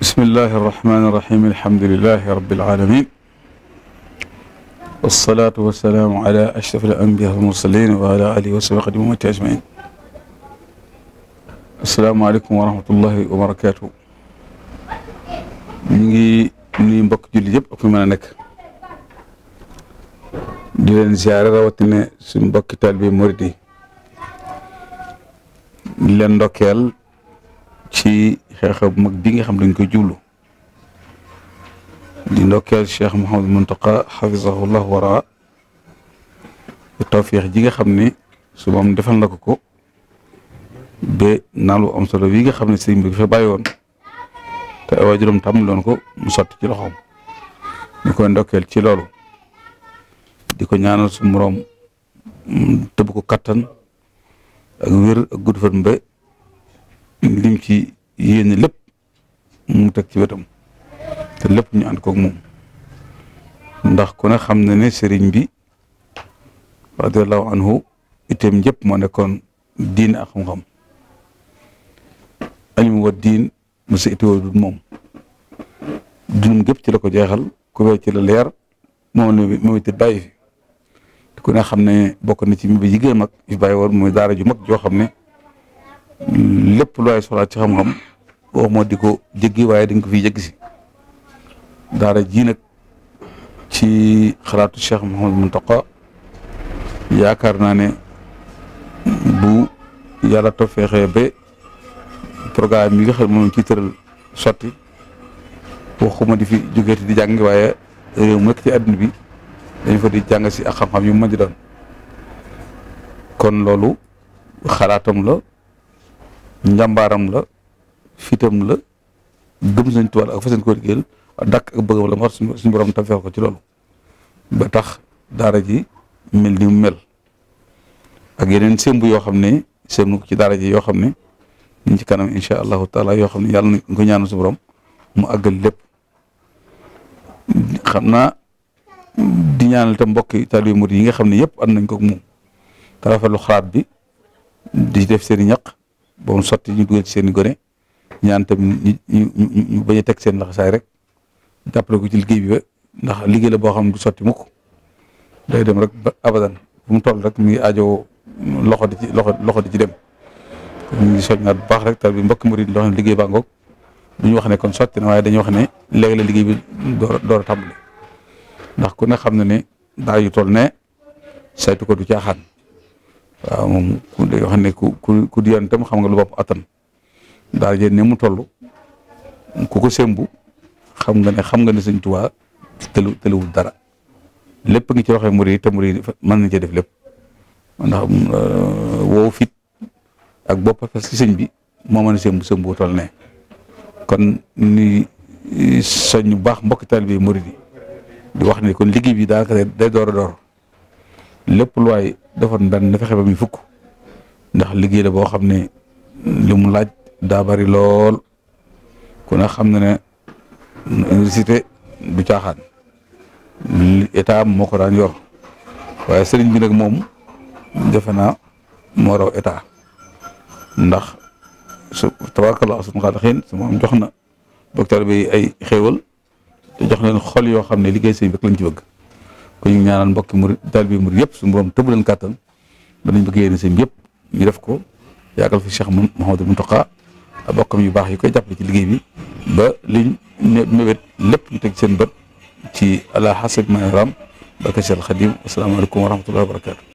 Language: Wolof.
bismillahi irrahmani irrahim alhamdulilahi rabilalamin walsalaatu wassalaamu ala ashraf alambiya walmursalin wa ala alihi wa sahbi qadima mati ajmain assalaamualeykum wa rahmatullahi wa barakatuh ñu ngi nuyu mbokk julli yëpp ak fi mën a nekk di leen ziare rawatina suñu mbokki taalibe murid yi di leen ndokkeel ci xeexab mag bi nga xam dañ koy jublu di ndokkeel cheikh Mouhamadou Mountakha xafisahullah wara tawfiix ji nga xam ne su moom defal la ko ko ba naan lu am solo wi nga xam ne sëriñ bi fa bàyyi woon te ay waajuram tàmmaloon ko mu sotti ci loxoom ñu koy ndokkeel ci loolu di ko ñaanal su moroom tëb ko kattan ak wér ak gudd fan ba lim ci yéene lépp mu teg ci wetam te lépp ñu ànd koog moom ndax ku xam na ne sëriñ bi radiallahu anhu itam yëpp moo nekkoon diin ak xam-xam añu wa diin mosa itoo du moom dun gépp ci la ko jeexal ku ci la leer moom la moom it bàyyi te ku xam ne bokk ci mi bi yi gën a mag yu bàyyi woon mooy daara ju mag joo xam ne lépp lu ay soxlaa ci xam-xam waxuma di ko jéggi waaye dañ ko fiy jéggi si daara ji nag ci xalaatu Cheikh Mouhamadou Mountakha yaakaar naa ne bu yàlla feexe ba programme yi nga xam moom ci tëral sotti waxuma di fi jógeeti di jàng waaye réew mu nekk ci àdduna bi dañ fa di jàng si ak xam-xam yu mu mën doon kon loolu xalaatam la njàmbaaram la fitam la gëm sañ tuwaal ak fa seen ko liggéeyal dakk ak bëggam la war suñu borom tam fexe ko ci loolu ba tax daara ji mel ni mel ak yeneen sémb yoo xam ne sémb ci daara ji yoo xam ne ñu ci kanam incha yoo xam ne yàlla na ko ñaanu suñu borom mu àggal lépp xam naa di ñaanal te mbokki taalibe murid yi nga xam ne yëpp am nañ ko moom te rafetlu xalaat bi di def seeni i ñaq ba mu sotti ñu dugal ci seen gone ñaan tam ñu ñu ñu bañ a teg seen laxasaay rek jàppale ko ci liggéey bi ba ndax liggéey la boo xam ne du sotti mukk day dem rek ba abadan bu mu toll rek mu ngi aajo loxo di ci loxo loxo di ci dem ñu ngi soññaat bu baax rek tal bi mbokk murid loo xam ne liggéey baa ngoog duñu wax ne kon sotti na waaye dañuy wax ne léegi liggéey bi door door a ndax ku ne xam na ne daa yu toll ne saytu ko du caaxaan waaw moom ku day wax ne ku ku ku di yoon tam xam nga lu bopp attan daal jeen ne mu toll ku sembu xam nga ne xam nga ne sëñ Tuubaa tëlu tëluwul dara lépp ngi ci waxee murid yi te murid yi mën nañ cee def lépp ndax euh, woowu fit ak boppa parce que sëñ bi moo mën a sembu sembu toll ne kon ni soñ baax mbokk taalibe murid yi di wax ne kon liggéey bi daanaka day door a door lépp lu waay defoon benn na fexe ba muy fukk ndax liggéey la boo xam ne li laaj daa bari lool ku ne xam na ne université du caaxaan état moo ko daan yor waaye sëriñ bi nag moom defe naa moo raw état ndax su tabaarkalla suñu xaalixiin su am jox na docteur bi ay xewal te jox leen xol yoo xam ne liggéey sëriñ bi lañ ci bëgg. ko ñu ñaanal mbokki murid taalibe murid yëpp su borom tëbb leen kàttan ba nañ bëgg yéene seen yëpp ñu def ko yàggal fi Cheikh Mouhamadou Mountakha bokkam yu baax yi koy jàppale ci liggéey bi ba liñ ne lépp ñu teg seen bët ci ala hasab ma yaram barka Cheikh Khadim asalaamaaleykum wa rahmatullahi